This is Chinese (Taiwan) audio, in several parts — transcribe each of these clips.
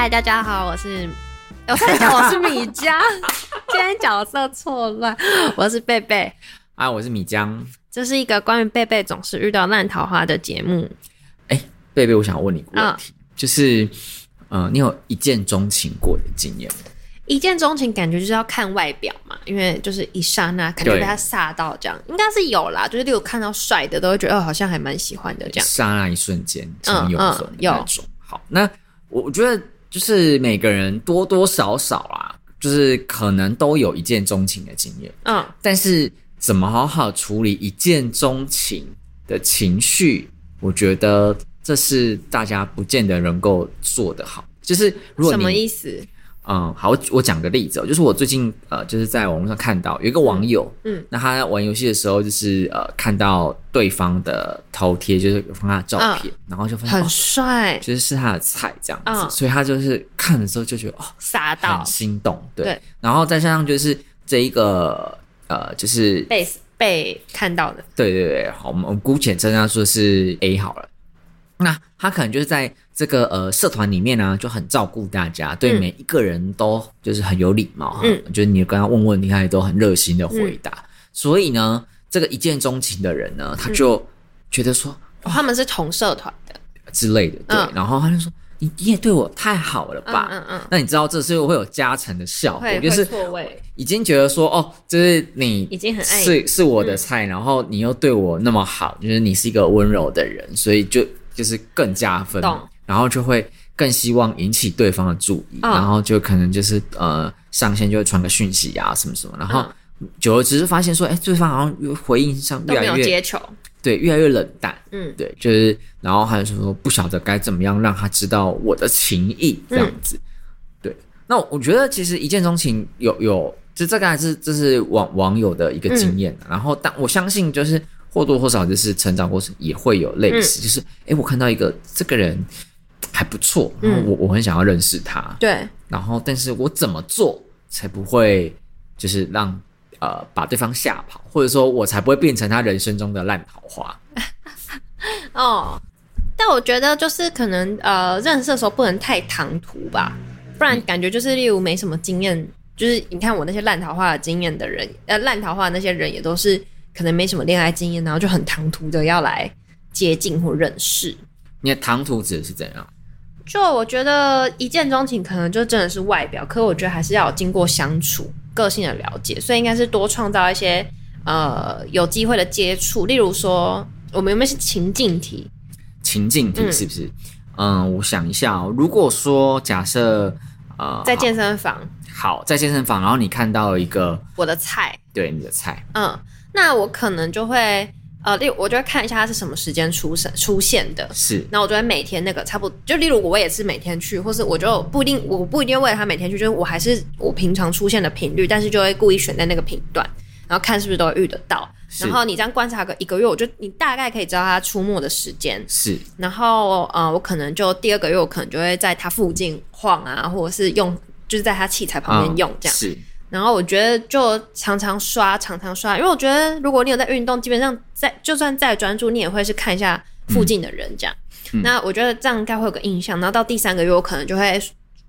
嗨，大家好，我是我一下，我是米江， 今天角色錯亂，我是貝貝啊，我是米江，這是一個關於貝貝總是遇到爛桃花的節目。哎，貝貝，我想問你一個問題，嗯、就是嗯、呃，你有一見鍾情過的經驗嗎？一見鍾情感覺就是要看外表嘛，因為就是一剎那感覺被他嚇到，這樣對應該是有啦，就是例如看到帥的都會覺得哦，好像還蠻喜歡的這樣。剎那一瞬間有嗯，種嗯嗯，有好，那我覺得。就是每個人多多少少啊，就是可能都有一見鍾情的經驗，嗯，但是怎麼好好處理一見鍾情的情緒，我覺得這是大家不見得能夠做得好。就是如果……什麼意思？嗯，好，我我講個例子，哦，就是我最近呃，就是在網絡上看到有一個網友，嗯，嗯，那他玩遊戲的時候，就是呃，看到對方的頭貼，就是有放他的照片，哦、然後就發現很帥帥、哦，就是是他的菜這樣子，哦、所以他就是看的時候就覺得哦，傻到很心動，對，對然後再加上就是這一個呃，就是被被看到的，對對對，好，我們姑且稱他說是 A 好了。那他可能就是在這個呃社團裡面呢，就很照顧大家，對每一個人都就是很有禮貌。嗯，就是你剛剛問問題，他也都很熱心的回答。所以呢，這個一見鍾情的人呢，他就覺得說他們是同社團的之類的，對。然後他就說：“你你也對我太好了吧？”嗯嗯。那你知道這是會有加成的效果，就是已經覺得說哦，就是你已經很愛是是我的菜，然後你又對我那麼好，就是你是一個溫柔的人，所以就。就是更加分，懂然後就會更希望引起對方的注意，哦、然後就可能就是呃上線就會傳個訊息啊什麼什麼，然後久了之就只是發現說，哎，對方好像回應上越來越沒有接球，對，越來越冷淡，嗯，對，就是然後還有什麼不曉得該怎麼樣讓他知道我的情意、嗯、這樣子，對，那我覺得其實一見鍾情有有，就這個還是這、就是網網友的一個經驗，嗯、然後但我相信就是。或多或少就是成長過程也會有類似，嗯、就是哎、欸，我看到一個這個人還不錯，然後我、嗯、我很想要認識他。對，然後但是我怎麼做才不會就是讓呃把對方嚇跑，或者說我才不會變成他人生中的爛桃花？哦，但我覺得就是可能呃認識的時候不能太唐突吧，不然感覺就是例如沒什麼經驗，嗯、就是你看我那些爛桃花的經驗的人，呃爛桃花的那些人也都是。可能沒什麼戀愛經驗，然後就很唐突的要來接近或認識。你的唐突指的是怎樣？就我覺得一見鍾情可能就真的是外表，可我覺得還是要有經過相處、個性的了解，所以應該是多創造一些呃有機會的接觸。例如說，我們有沒有是情境題？情境題是不是？嗯，嗯，我想一下哦。如果說假設呃，在健身房，好，好，在健身房，然後你看到了一個我的菜，對你的菜，嗯。那我可能就會，呃，例，我就會看一下它是什麼時間出生出現的。是。那我就會每天那個差不多，就例如我也是每天去，或是我就不一定，我不一定為了它每天去，就是我還是我平常出現的頻率，但是就會故意選在那個頻段，然後看是不是都會遇得到。是。然後你這樣觀察個一個月，我就你大概可以知道它出沒的時間。是。然後，呃，我可能就第二個月，我可能就會在它附近晃啊，或者是用，就是在它器材旁邊用這樣。哦，是。然後我覺得就常常刷，常常刷，因為我覺得如果你有在運動，基本上在就算再專注，你也會是看一下附近的人這樣。嗯嗯、那我覺得這樣應該會有個印象。然後到第三個月，我可能就會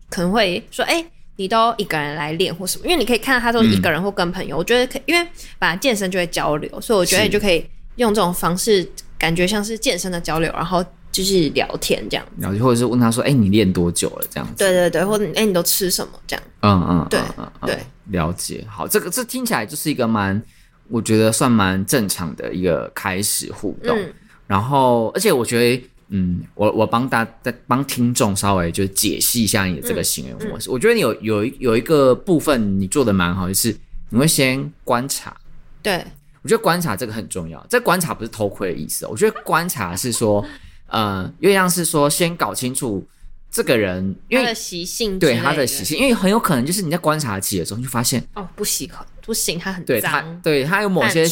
可能會說：“哎、欸，你都一個人來練或什麼？”因為你可以看到他都一個人或跟朋友。嗯、我覺得可以，可因為把健身就會交流，所以我覺得你就可以用這種方式，感覺像是健身的交流，然後。就是聊天這樣子，了解或者是問他說：“哎、欸，你練多久了？”這樣子。對對對，或者哎、欸，你都吃什麼？這樣嗯。嗯對嗯，嗯嗯對，嗯對，了解。好，這個這聽起來就是一個蠻，我覺得算蠻正常的一個開始互動。嗯、然後，而且我覺得，嗯，我我幫大家再幫聽眾稍微就解析一下你的這個行為模式。嗯嗯、我覺得你有有有一個部分你做的蠻好，就是你會先觀察。對我覺得觀察這個很重要。這觀察不是偷窺的意思，我覺得觀察是說。 呃，月亮是說先搞清楚這個人，因為習性對他的習性，性，因為很有可能就是你在觀察期的時候你就發現哦，不習慣，不行，他很髒，對他，對他有某些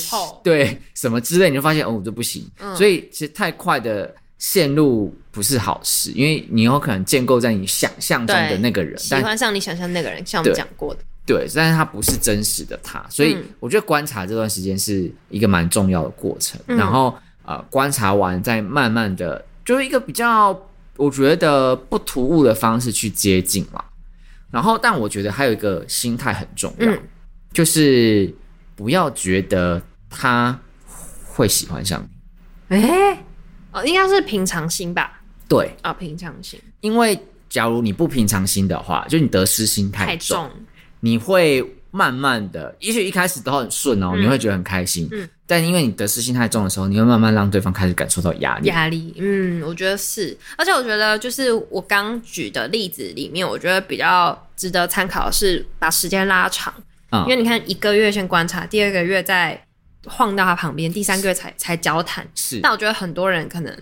對什麼之類，你就發現哦，我就不行。嗯、所以其實太快的線路不是好事，因為你有可能建構在你想象中的那個人，對但喜歡上你想象那個人，像我講過的對，對，但是他不是真實的他，所以我覺得觀察這段時間是一個蠻重要的過程。嗯、然後呃，觀察完再慢慢的。就是一個比較，我覺得不突兀的方式去接近嘛。然後，但我覺得還有一個心態很重要，嗯、就是不要覺得他會喜歡上你。哎、欸，哦，應該是平常心吧？對，啊、哦，平常心。因為假如你不平常心的話，就你得失心太重，太重你會慢慢的，也許一開始都很順哦，嗯、你會覺得很開心。嗯但因為你得失心太重的時候，你會慢慢讓對方開始感受到壓力。壓力，嗯，我覺得是。而且我覺得，就是我剛舉的例子裡面，我覺得比較值得參考的是把時間拉長。嗯，因為你看，一個月先觀察，第二個月再晃到他旁邊，第三個月才才交談。是。但我覺得很多人可能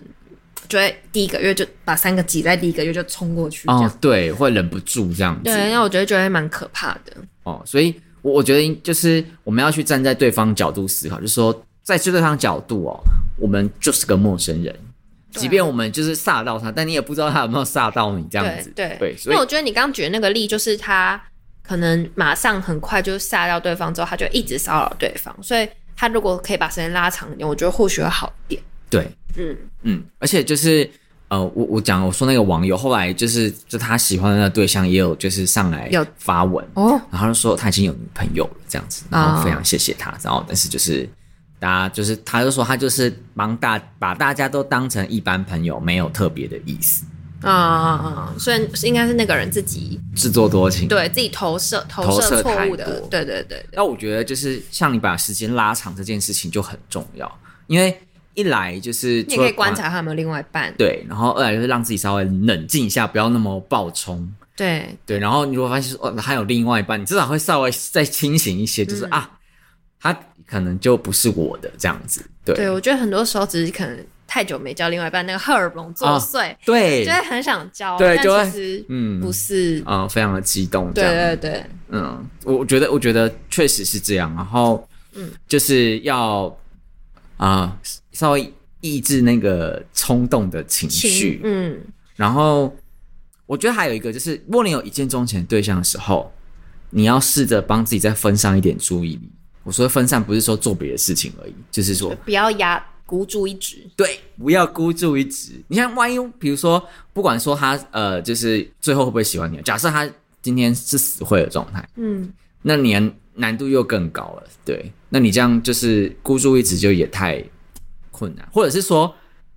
就會第一個月就把三個擠在第一個月就衝過去。哦，對，會忍不住這樣子。對，那我覺得覺得還蠻可怕的。哦，所以。我覺得就是我們要去站在對方角度思考，就是說在這對方角度哦、喔，我們就是個陌生人，啊、即便我們就是煞到他，但你也不知道他有沒有煞到你這樣子。對對，對，所以我覺得你剛剛舉的那個例，就是他可能馬上很快就煞到對方之後，他就一直騷擾對方，所以他如果可以把時間拉長一點，我覺得或許會好一點。對，嗯嗯，而且就是。呃，我我講我說那個網友後來就是就他喜歡的那個對象也有就是上來要發文哦，然後就說他已經有女朋友了這樣子，然後非常謝謝他，哦、然後但是就是大家就是他就說他就是幫大把大家都當成一般朋友，沒有特別的意思啊啊啊！所以應該是那個人自己自作多情，嗯、對自己投射投射錯誤的，對對，對對對。那我覺得就是像你把時間拉長這件事情就很重要，因為。一來就是你也可以觀察他有沒有另外一半，啊，對，然後二來就是讓自己稍微冷靜一下，不要那麼暴衝，對對，然後你如果發現說哦，還有另外一半，你至少會稍微再清醒一些，就是、嗯、啊，他可能就不是我的這樣子，對，對我覺得很多時候只是可能太久沒交另外一半，那個荷爾蒙作祟，啊、對，就會很想交，對，是就會嗯，不是啊，非常的激動，對對對，嗯，我我覺得我覺得確實是這樣，然後嗯，就是要。啊，uh, 稍微抑制那個衝動的情緒。情嗯，然後我覺得還有一個就是，如果你有一見鍾情的對象的時候，你要試着幫自己再分散一點注意力。我說分散不是說做別的事情而已，就是說不要壓孤注一擲。對，不要孤注一擲。你看，萬一比如說，不管說他呃，就是最後會不會喜歡你，假設他今天是死會的狀態，嗯，那你難度又更高了，對，那你這樣就是孤注一擲，就也太困難，或者是說，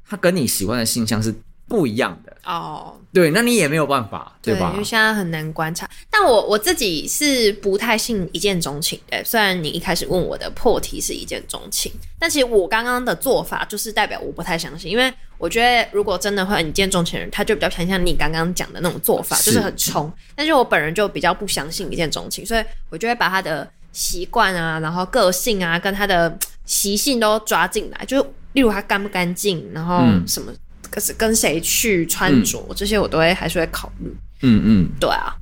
他跟你喜歡的性向是不一樣的。哦，oh, 對，那你也沒有辦法，對,對吧？因為現在很難觀察。但我我自己是不太信一見鍾情的。雖然你一開始問我的破題是一見鍾情，但其實我剛剛的做法就是代表我不太相信，因為我覺得如果真的會很一見鍾情的人，他就比較偏向你剛剛講的那種做法，是就是很衝。但是我本人就比較不相信一見鍾情，所以我就會把他的習慣啊，然後個性啊，跟他的習性都抓進來，就例如他乾不乾淨，然後什麼。嗯可是跟跟誰去穿着、嗯、這些，我都會還是會考慮、嗯。嗯嗯，對啊，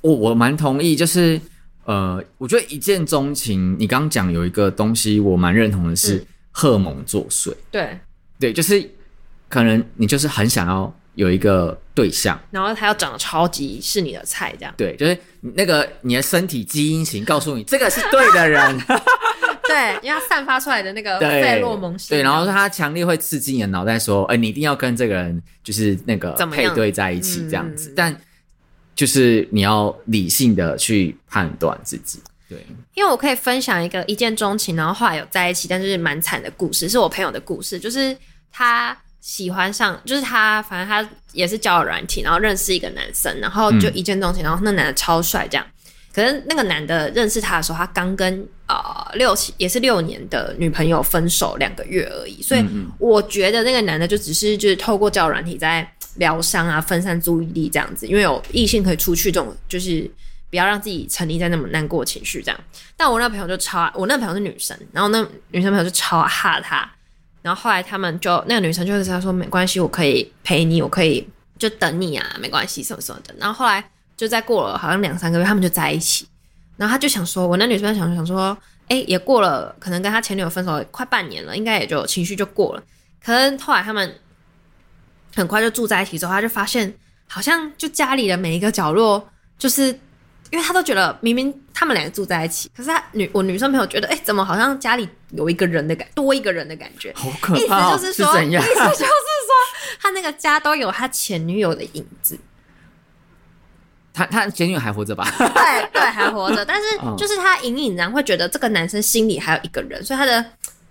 我我蠻同意，就是呃，我覺得一見鍾情，你剛剛講有一個東西，我蠻認同的是、嗯、荷蒙作祟。對對，就是可能你就是很想要有一個對象，然後他要長得超級是你的菜，這樣。對，就是那個你的身體基因型告訴你，這個是對的人。 對，因為他散發出來的那個費洛蒙對，對，然後他強烈會刺激你的腦袋，說，哎、欸，你一定要跟這個人就是那個配對在一起這樣子，樣、嗯、但就是你要理性的去判斷自己。對，因為我可以分享一個一見鍾情，然後後來有在一起，但是蠻慘的故事，是我朋友的故事，就是他喜歡上，就是他反正他也是交友軟體，然後認識一個男生，然後就一見鍾情，然後那男的超帥這樣。嗯可是那個男的認識他的時候，他剛跟啊、呃、六也是六年的女朋友分手兩個月而已，所以我覺得那個男的就只是就是透過交友軟體在療傷啊，分散注意力這樣子，因為有異性可以出去，這種就是不要讓自己沉溺在那麼難過的情緒這樣。但我那朋友就超，我那朋友是女生，然後那女生朋友就超哈他，然後後來他們就那個女生就對他說：“沒關係，我可以陪你，我可以就等你啊，沒關係，什麼什麼的。”然後後來。就再過了好像兩三個月，他們就在一起。然後他就想說，我那女生想想說，哎、欸，也過了，可能跟他前女友分手快半年了，應該也就情緒就過了。可能後來他們很快就住在一起之後，他就發現好像就家裡的每一個角落，就是因為他都覺得明明他們兩個住在一起，可是他女我女生朋友覺得，哎、欸，怎麼好像家裡有一個人的感，多一個人的感覺，好可怕。意思就是說，是意思就是說，他那個家都有他前女友的影子。他他前女友還活着吧？ 對對，還活着。但是就是他隱隱然會覺得這個男生心裡還有一個人，所以他的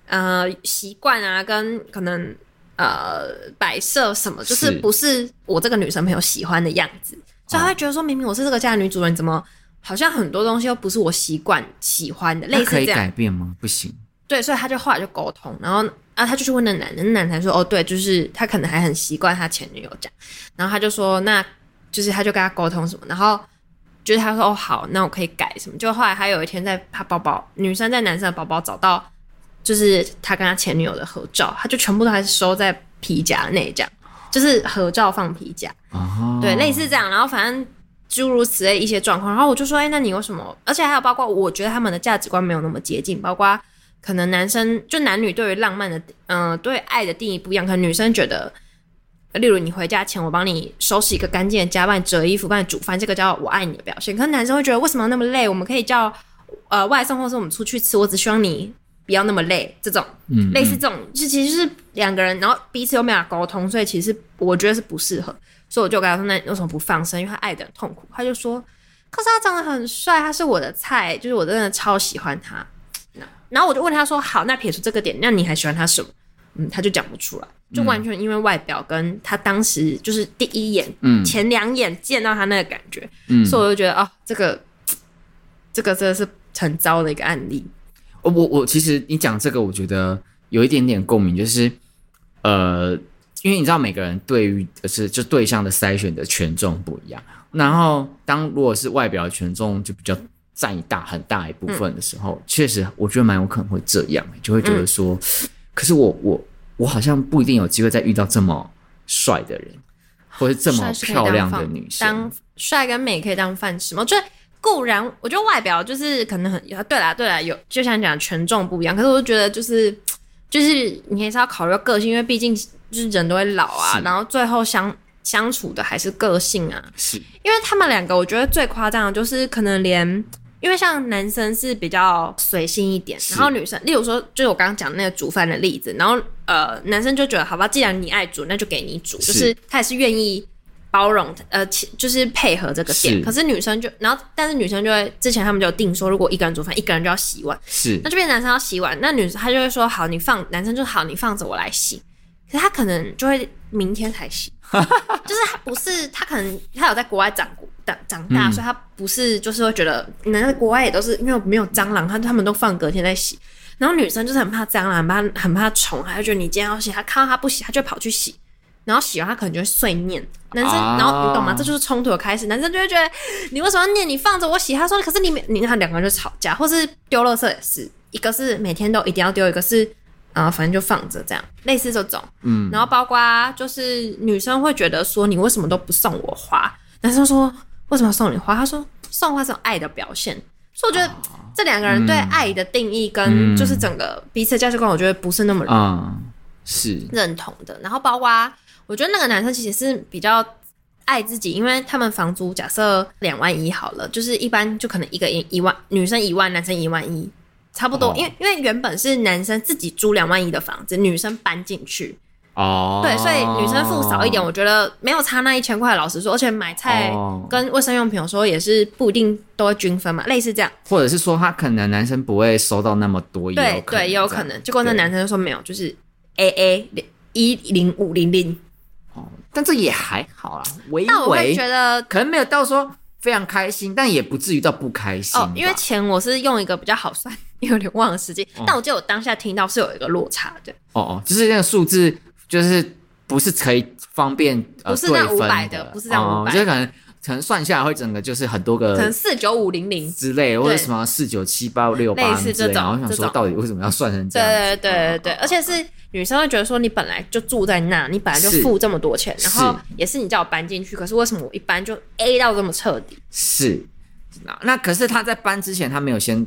呃習慣啊，跟可能呃擺設什麼，就是不是我這個女生朋友喜歡的樣子，是所以他會覺得說，明明我是這個家的女主人，哦、怎麼好像很多東西又不是我習慣喜歡的？類似這樣，可以改變嗎？不行。對，所以他就後來就溝通，然後啊，他就去問那男的，那男的才說，哦，對，就是他可能還很習慣他前女友這樣，然後他就說那。就是他，就跟他溝通什麼，然後就是他說哦好，那我可以改什麼？就後來他有一天在他包包，女生在男生的包包找到，就是他跟他前女友的合照，他就全部都還是收在皮夾那一張就是合照放皮夾，uh huh. 對，類似這樣。然後反正諸如此類一些狀況，然後我就說，哎、欸，那你有什麼？而且還有包括我覺得他們的價值觀沒有那麼接近，包括可能男生就男女對於浪漫的，嗯、呃，對愛的定義不一樣，可能女生覺得。例如，你回家前，我幫你收拾一個乾淨的家，幫你折衣服，幫你煮飯，這個叫我愛你的表現。可是男生會覺得為什麼那麼累？我們可以叫呃外送，或是我們出去吃，我只希望你不要那麼累。這種，嗯嗯類似這種，就其實是兩個人，然後彼此又沒有溝通，所以其實我覺得是不適合。所以我就跟他說：“那為什麼不放生？因為他愛的很痛苦。”他就說：“可是他長得很帥，他是我的菜，就是我真的超喜歡他。”然後我就問他說：“好，那撇除這個點，那你還喜歡他什麼？”嗯，他就講不出來。就完全因為外表，跟他當時就是第一眼，嗯、前兩眼見到他那個感覺，嗯、所以我就覺得哦，這個這個真的是很糟的一個案例。哦、我我我其實你講這個，我覺得有一點點共鳴，就是呃，因為你知道每個人對於、就是就對象的篩選的權重不一樣，然後當如果是外表的權重就比較佔一大很大一部分的時候，嗯、確實我覺得蠻有可能會這樣，就會覺得說，嗯、可是我我。我好像不一定有機會再遇到這麼帥的人，或是這麼漂亮的女生。當帥跟美可以當飯吃嗎？我覺得固然，我覺得外表就是可能很，對啦，對啦，有就像你講的權重不一樣。可是我就覺得就是就是你還是要考慮個性，因為畢竟就是人都會老啊。是然後最後相相處的還是個性啊。是因為他們兩個，我覺得最誇張的就是可能連因為像男生是比較隨性一點，然後女生，是例如說就是我剛剛講的那個煮飯的例子，然後。呃，男生就覺得好吧，既然你愛煮，那就給你煮，是就是他也是願意包容，呃，就是配合這個點。是可是女生就，然後但是女生就會，之前他們就有定說，如果一個人煮飯，一個人就要洗碗。是，那就變成男生要洗碗，那女生她就會說好，你放男生就好，你放着我來洗。可是他可能就會明天才洗， 就是他不是他可能他有在國外長長長大，嗯，所以他不是就是會覺得能在國外也都是因為沒有蟑螂，他他們都放隔天再洗。然後女生就是很怕髒啦，很怕很怕蟲，她就覺得你今天要洗，她看到她不洗，她就跑去洗。然後洗完她可能就會碎念，男生，啊、然後你懂嗎？這就是衝突的開始。男生就會覺得你為什麼要念？你放着我洗。他說，可是你每你看兩個人就吵架，或是丟垃圾也是一個是每天都一定要丟，一個是啊，反正就放着這樣，類似這種。嗯，然後包括就是女生會覺得說你為什麼都不送我花？男生說為什麼送你花？他說送花是愛的表現。所以我覺得這兩個人對愛的定義跟就是整個彼此的價值觀，我覺得不是那麼啊是認同的。然後包括我覺得那個男生其實是比較愛自己，因為他們房租假設兩萬一好了，就是一般就可能一個一一萬女生一萬，男生一萬一，差不多。因為因為原本是男生自己租兩萬一的房子，女生搬進去。哦，oh, 對，所以女生付少一點，我覺得沒有差那一千塊，老實說，而且買菜跟衛生用品，有時候也是不一定都會均分嘛，oh, 類似這樣。或者是說，他可能男生不會收到那麼多，對，對，也有可能。結果那男生就說沒有，就是 A A 一零五零零。哦，oh, 但這也還好啦。那我會覺得可能沒有到說非常開心，但也不至於到不開心。哦，oh, 因為錢我是用一個比較好算，有點忘了時間。Oh. 但我記得我當下聽到是有一個落差，對。哦哦，oh, oh, 就是那個數字。就是不是可以方便？不是那五百的，不是這樣。所以可能可能算下來會整個就是很多個，可能四九五零零之類，或者什麼四九七八六八之類。然後我想說，到底為什麼要算成這樣？對對對對對，而且是女生會覺得說，你本來就住在那，你本來就付這麼多錢，然後也是你叫我搬進去，可是為什麼我一搬就 A 到這麼徹底？是，那那可是他在搬之前他沒有先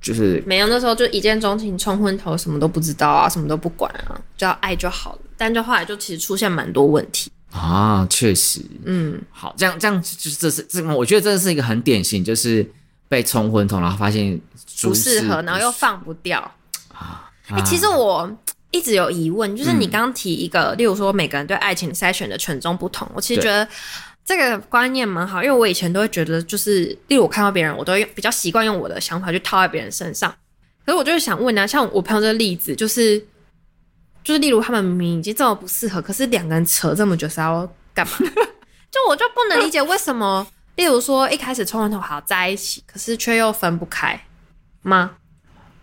就是沒有那時候就一見鍾情沖昏頭，什麼都不知道啊，什麼都不管啊，只要愛就好了。但就後來就其實出現蠻多問題啊，確實，嗯，好，這樣這樣就這是這、就是，我覺得這是一個很典型，就是被衝昏頭，然後發現不適合，是，不適合，然後又放不掉啊。哎、欸，其實我一直有疑問，就是你剛剛提一個，嗯、例如說每個人對愛情篩選的權重不同，我其實覺得這個觀念蠻好，因為我以前都會覺得，就是例如我看到別人，我都會比較習慣用我的想法去套在別人身上，可是我就是想問啊，像我朋友的例子就是。就是例如他們明明已經這麼不適合，可是兩個人扯這麼久是要幹嘛？ 就我就不能理解為什麼， 例如說一開始衝昏頭好在一起，可是卻又分不開嗎？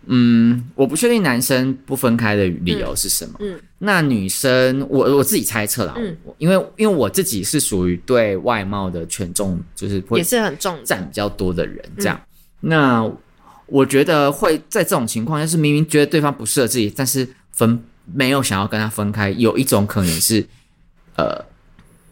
嗯，我不確定男生不分開的理由是什麼。嗯，那女生，我我自己猜測啦，嗯、因為因為我自己是屬於對外貌的權重就是也是很重占比較多的人這樣。嗯、那我覺得會在這種情況下，是明明覺得對方不適合自己，但是分。沒有想要跟他分開，有一種可能是，呃，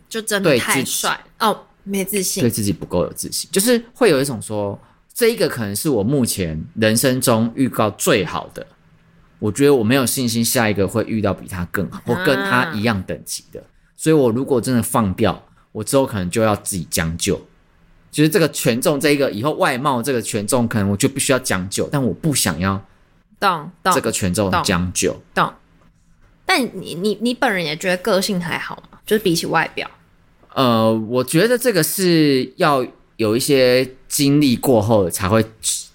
就真的，太帥對哦，沒自信，對自己不夠有自信，就是會有一種說，這一個可能是我目前人生中遇到最好的，我覺得我沒有信心下一個會遇到比他更好，我、啊、跟他一樣等級的，所以我如果真的放掉，我之後可能就要自己將就，就是這個權重、這個，這一個以後外貌這個權重可能我就必須要將就，但我不想要，當當。這個權重將就當。但你你你本人也覺得個性還好嗎？就是比起外表，呃，我覺得這個是要有一些經歷過後才會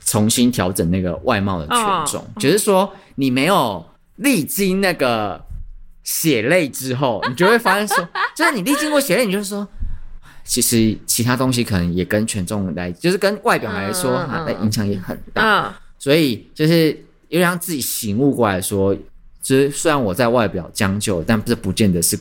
重新調整那個外貌的權重。哦、就是說，你沒有歷經那個血淚之後，你就會發現說， 就是你歷經過血淚，你就說，其實其他東西可能也跟權重來，就是跟外表來說，它的，嗯嗯、影響也很大。嗯、所以就是要讓自己醒悟過來，來說。就是雖然我在外表將就，但是不見得是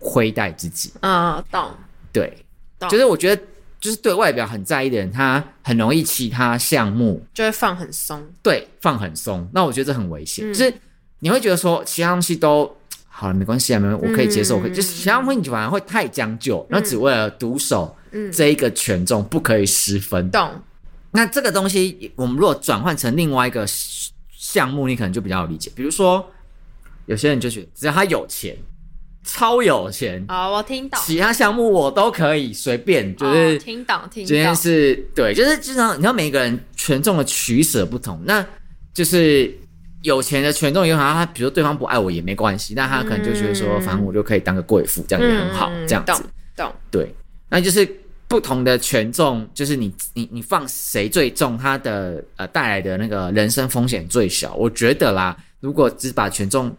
虧待自己啊、呃。懂對，懂就是我覺得就是對外表很在意的人，他很容易其他項目就會放很鬆。對，放很鬆。那我覺得這很危險，嗯、就是你會覺得說其他東西都好了，沒關係啊，沒問題，我可以接受，嗯、我可以。嗯、就是其他東西你反而會太將就，嗯、那只為了獨守、嗯、這一個權重不可以失分。懂。那這個東西我們如果轉換成另外一個項目，你可能就比較理解。比如說。有些人就覺得，只要他有錢，超有錢，哦、我聽懂其他項目我都可以隨便，就是聽懂聽今天是，哦、懂懂對，就是就你看，每個人權重的取舍不同，那就是有錢的權重也，有可能他比如說對方不愛我也沒關係，那他可能就覺得說，反正我就可以當個貴婦，嗯，這樣也很好，這樣子，嗯，懂，懂對，那就是不同的權重，就是你你你放誰最重，他的呃帶來的那個人生風險最小，我覺得啦，如果只把權重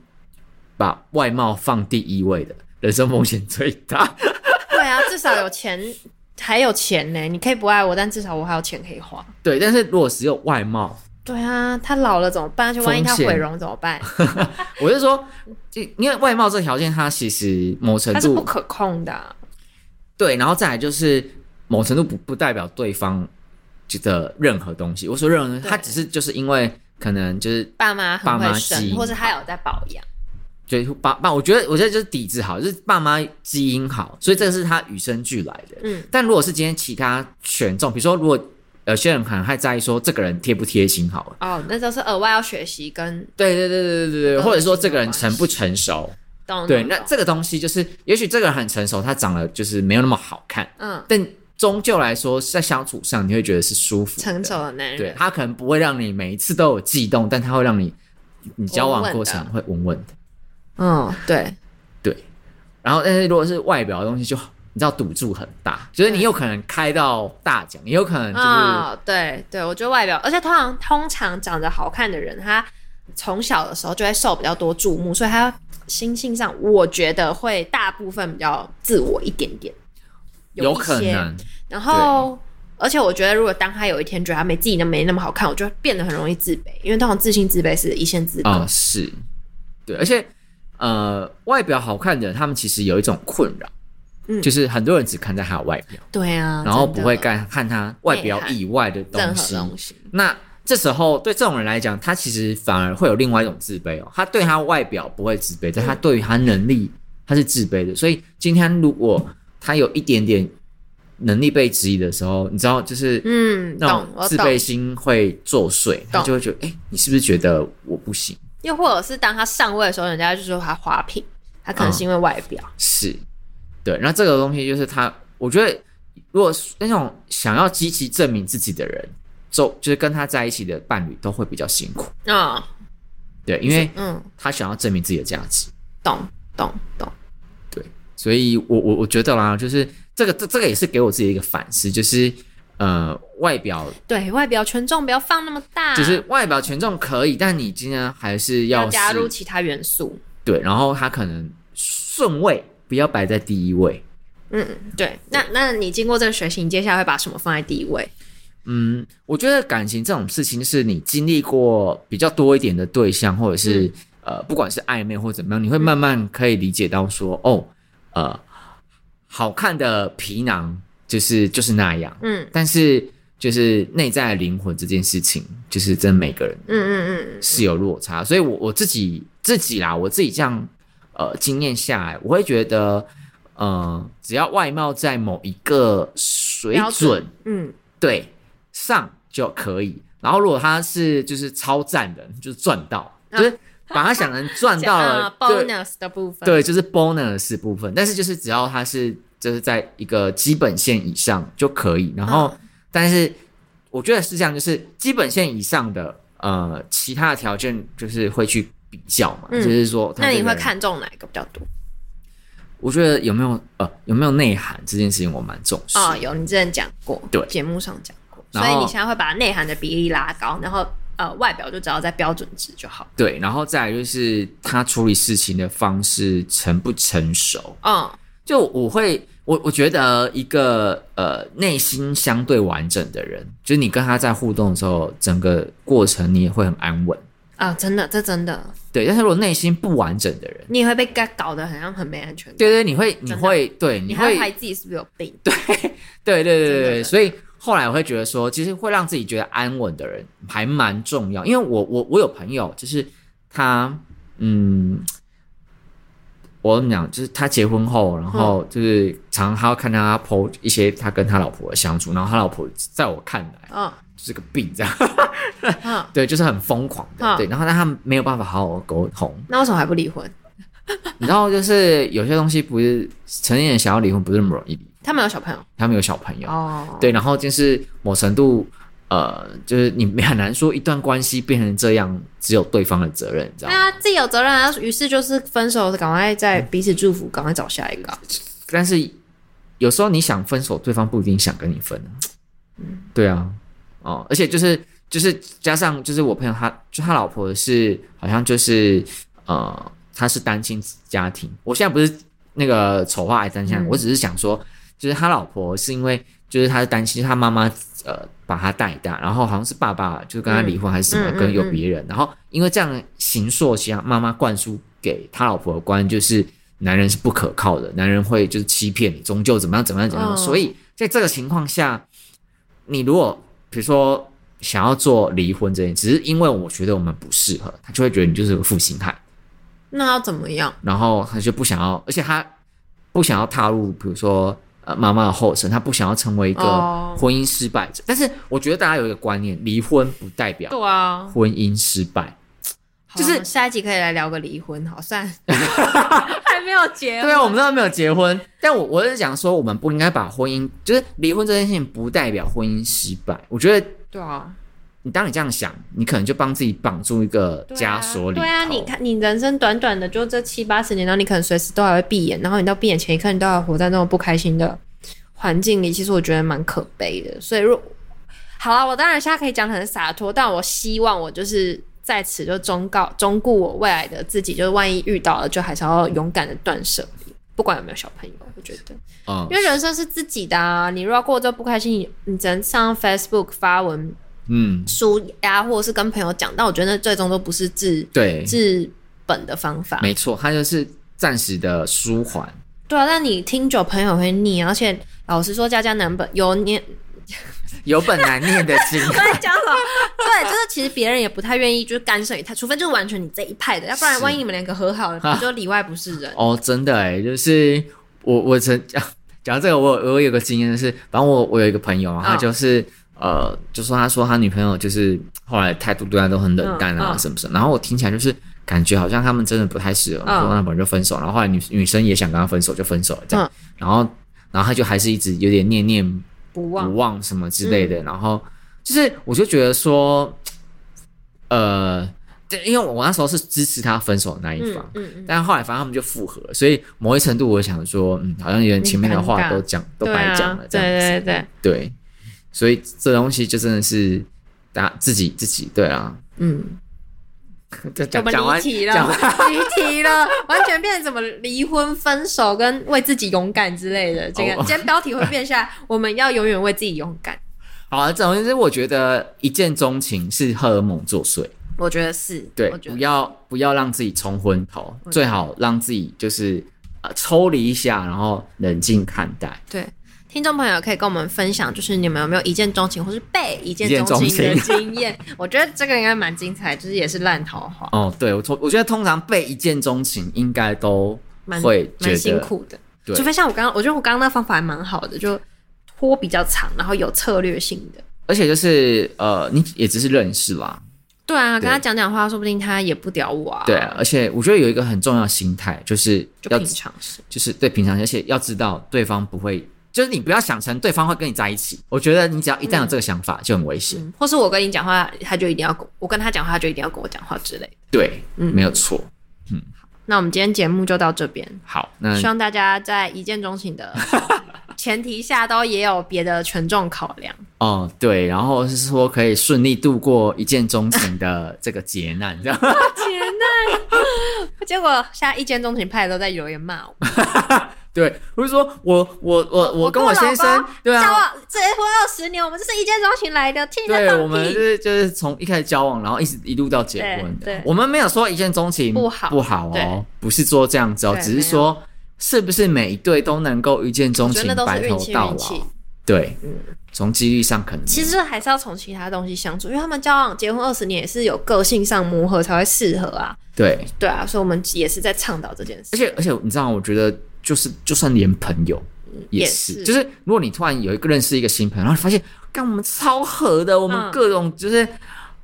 把外貌放第一位的人生風險最大。 對啊，至少有錢， 還有錢呢。你可以不愛我，但至少我還有錢可以花。對，但是如果只有外貌，對啊，他老了怎麼辦？就險萬一他毀容怎麼辦？ 我就說，因為外貌這條件，它其實某程度是不可控的啊。對，然後再來就是某程度不不代表對方覺得任何東西。我說任何對，他只是就是因為可能就是爸媽爸媽生，或者他有在保養。對爸爸，我覺得我覺得就是底子好，就是爸媽基因好，所以這個是他與生俱來的。嗯，但如果是今天其他選中，比如說如果有些人可能還在意說這個人貼不貼心，好了哦，那就是額外要學習跟對對對對對對，或者說這個人成不成熟，懂？對？那這個東西就是，也許這個人很成熟，他長得就是沒有那麼好看，嗯，但終究來說，在相處上你會覺得是舒服成熟的男人，對，他可能不會讓你每一次都有悸動，但他會讓你你交往過程會穩穩的。嗯、哦，對，對，然後但是如果是外表的東西就，就你知道賭注很大，就是你有可能開到大獎，也對有可能就是、哦，對，對，我覺得外表，而且通常通常長得好看的人，他從小的時候就會受比較多注目，所以他心性上我覺得會大部分比較自我一點點，有，有可能。然後，對而且我覺得，如果當他有一天覺得他沒自己那沒那麼好看，我覺得會變得很容易自卑，因為通常自信自卑是一線之隔。啊、哦，是，對，而且。呃，外表好看的他們其實有一種困擾，嗯、就是很多人只看在他的外表、嗯，對啊，然後不會看、哦、看他外表以外的東西。東西那這時候對這種人來講，他其實反而會有另外一種自卑哦，他對他外表不會自卑，嗯、但他對於他能力、嗯、他是自卑的。所以今天如果他有一點點能力被質疑的時候，你知道，就是嗯，那種自卑心會作祟，嗯、他就會覺得，哎懂、欸，你是不是覺得我不行？嗯嗯又或者是當他上位的時候，人家就說他花瓶，他可能是因為外表、嗯。是，對。那這個東西就是他，我覺得如果是那種想要積極證明自己的人，就就是跟他在一起的伴侶都會比較辛苦。啊、嗯，對，因為嗯，他想要證明自己的價值。懂懂、嗯、懂。懂懂對，所以我我我覺得啦，就是這個這這個也是給我自己的一個反思，就是。呃，外表對外表權重不要放那麼大，就是外表權重可以，但你今天還是要，是要加入其他元素。對，然後他可能順位不要擺在第一位。嗯，對。對。那那你經過這個學習，你接下來會把什麼放在第一位？嗯，我覺得感情這種事情，是你經歷過比較多一點的對象，或者是、嗯、呃，不管是曖昧或怎麼樣，你會慢慢可以理解到說，嗯、哦，呃，好看的皮囊。就是就是那樣，嗯，但是就是內在靈魂這件事情，就是真的每個人，嗯嗯嗯，是有落差。嗯嗯嗯、所以我，我我自己自己啦，我自己這樣，呃，經驗下來，我會覺得，嗯、呃、只要外貌在某一個水準，嗯，對上就可以。然後，如果他是就是超讚的，就是賺到，啊、就是把他想能賺到，到 bonus 的部分，對，就是 bonus 部分。但是，就是只要他是。就是在一個基本線以上就可以，然後，嗯、但是我覺得是這樣，就是基本線以上的呃，其他的條件就是會去比較嘛，嗯、就是說他，那你會看中哪個比較多？我覺得有沒有呃有沒有內涵這件事情，我蠻重視啊、哦。有，你之前講過，對節目上講過，然後，所以你現在會把內涵的比例拉高，然後呃外表就只要在標準值就好。對，然後再來就是他處理事情的方式成不成熟？嗯，就我會。我我覺得一個呃內心相對完整的人，就是你跟他在互動的時候，整個過程你也會很安穩啊，真的，這真的。對，但是如果內心不完整的人，你也會被搞搞得好像很沒安全感。對對，你會你會，對你會懷疑自己是不是有病？對，對對對對對。真的真的，所以後來我會覺得說，其實會讓自己覺得安穩的人還蠻重要，因為我我我有朋友就是他嗯。我跟你講，就是他結婚後，然後就是常常他會看他 PO 一些他跟他老婆的相處，然後他老婆在我看來，嗯，是個病這樣，嗯、哦， 對，就是很瘋狂的，哦、對，然後但他沒有辦法好好溝通。那為什麼還不離婚？然後就是有些東西不是成年人想要離婚，不是那麼容易離。他們有小朋友。他們有小朋友、哦、對，然後就是某程度。呃，就是你很難說一段關係變成這樣，只有對方的責任，知道嗎？對啊、嗯，自己有責任啊。於是就是分手，趕快在彼此祝福，趕快找下一個。但是有時候你想分手，對方不一定想跟你分啊、嗯、對啊，哦、呃，而且就是就是加上就是我朋友他，他就他老婆是好像就是呃，他是單親家庭。我現在不是那個醜化還單親，嗯、我只是想說，就是他老婆是因為。就是他的擔心他媽媽呃，把他帶大，然後好像是爸爸就是跟他離婚，嗯、還是什麼跟有別人，嗯嗯嗯、然後因為這樣形塑其實他媽媽灌輸給他老婆的觀，就是男人是不可靠的，男人會就是欺騙你，終究怎麼樣怎麼樣怎麼樣，哦、所以在這個情況下，你如果比如說想要做離婚這件，只是因為我覺得我們不適合，他就會覺得你就是個負心漢。那要怎麼樣？然後他就不想要，而且他不想要踏入，比如說。呃，媽媽的後生，她不想要成為一個婚姻失敗者。Oh. 但是，我覺得大家有一個觀念，離婚不代表婚姻失敗。啊、就是、啊、下一集可以來聊個離婚，好算 還沒有結婚，對啊，我們都沒有結婚。但我我是講說，我們不應該把婚姻就是離婚這件事情，不代表婚姻失敗。我覺得，對啊。你當你這樣想，你可能就幫自己綁住一個枷鎖裡。對啊，對啊，你看你人生短短的就這七八十年，然後你可能隨時都還會閉眼，然後你到閉眼前一刻，你都要活在那種不開心的環境裡。其實我覺得蠻可悲的。所以如果，若好啊，我當然現在可以講很灑脫，但我希望我就是在此就忠告、忠顧，我未來的自己，就是萬一遇到了，就還是要勇敢的斷舍離，不管有沒有小朋友。我覺得，嗯、因為人生是自己的啊，你如果過之後，不開心，你，你只能上 Facebook 發文。嗯，舒壓或者是跟朋友講，但我覺得那最終都不是治對治本的方法。沒錯，它就是暫時的舒緩、嗯。對啊，那你聽久朋友會膩，而且老實說，家家難本有念有本難念的經。講什麼？對，就是其實別人也不太願意就是干涉他，除非就是完全你這一派的，要不然萬一你們兩個和好了，是你就裡外不是人。啊、哦，真的哎、欸，就是我我講講這個我，我我有個經驗的是，反正我我有一個朋友他就是。哦呃，就說他說他女朋友就是後來態度對他都很冷淡啊什麼什麼，哦哦、然後我聽起來就是感覺好像他們真的不太適合，然後他們就分手然後後來女女生也想跟他分手，就分手了這樣。哦、然後然後他就還是一直有點念念不忘什麼之類的。嗯、然後就是我就覺得說，呃，對，因為我那時候是支持他分手的那一方，但是、嗯嗯嗯、但後來反正他們就複合，所以某一程度我想說，嗯，好像連前面的話都講，都，講都白講了這樣子對、啊，對對對對。所以這東西就真的是，大家自己自己對啊，嗯，怎麼離題了？離題了，完全變成什麼離婚、分手跟為自己勇敢之類的。這個今天標題會變下來，我們要永遠為自己勇敢。好啊，總之我覺得一見鍾情是荷爾蒙作祟，我覺得是。對，不要不要讓自己沖昏頭，最好讓自己就是抽離一下，然後冷靜看待。對。聽眾朋友可以跟我們分享，就是你們有沒有一見鍾情，或是被一見鍾情的經驗？我覺得這個應該蠻精彩，就是也是爛桃花哦。對，我我覺得通常被一見鍾情應該都會蠻辛苦的，對，除非像我剛，剛，我覺得我剛剛那個方法還蠻好的，就拖比較長，然後有策略性的。而且就是呃，你也只是認識啦，對啊，跟他講講話，說不定他也不屌我啊。對啊，而且我覺得有一個很重要的心態，就是要嘗試，就平常是就是對平常，而且要知道對方不會。就是你不要想成對方會跟你在一起，我覺得你只要一旦有這個想法、嗯、就很危險、嗯。或是我跟你講話，他就一定要；我跟他講話，他就一定要跟我講話之類的。對，嗯，沒有錯，嗯。好，那我們今天節目就到這邊。好，那希望大家在一見鍾情的前提下，都也有別的權重考量。 哦，對，然後是說可以順利度過一見鍾情的這個劫難， 這樣。劫難，結果現在一見鍾情派都在留言罵我。 對，不是說我，我我我我跟我先生，對啊，交往，結婚二十年，我們這是一見鍾情來的。聽的對，我們就是就是從一開始交往，然後一直一路到結婚。對。對，我們沒有說一見鍾情不好，喔，不好哦，不是說這樣子哦，喔，對只是說是不是每一對都能夠一見鍾情，白頭到老。運氣、運氣。對，從幾率上可能其實是還是要從其他東西相處，因為他們交往結婚二十年也是有個性上磨合才會適合啊。對，對啊，所以我們也是在倡導這件事。而且而且，而且你知道，我覺得。就是，就算連朋友也是，也是就是如果你突然有一個認識一個新朋友，然後你發現，幹，我們超合的，我們各種就是，嗯、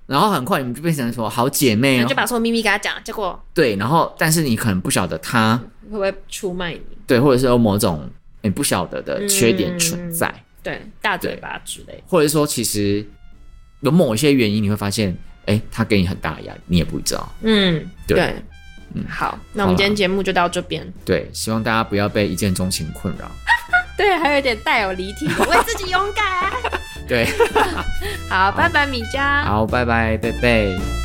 然後很快你們就變成什麼好姐妹啊，你、嗯、就把所有秘密跟他講，結果對，然後但是你可能不曉得他會不會出賣你，對，或者是有某種你、欸、不曉得的缺點存在、嗯，對，大嘴巴之類，或者說其實有某一些原因，你會發現，哎、欸，他給你很大的壓力，你也不知道，嗯，對。對嗯，好，那我們今天節目就到這邊。對，希望大家不要被一見鍾情困擾。 對，還有點帶有離題，為自己勇敢、啊。 對， 好，好拜拜米，米佳。好，拜拜，貝貝。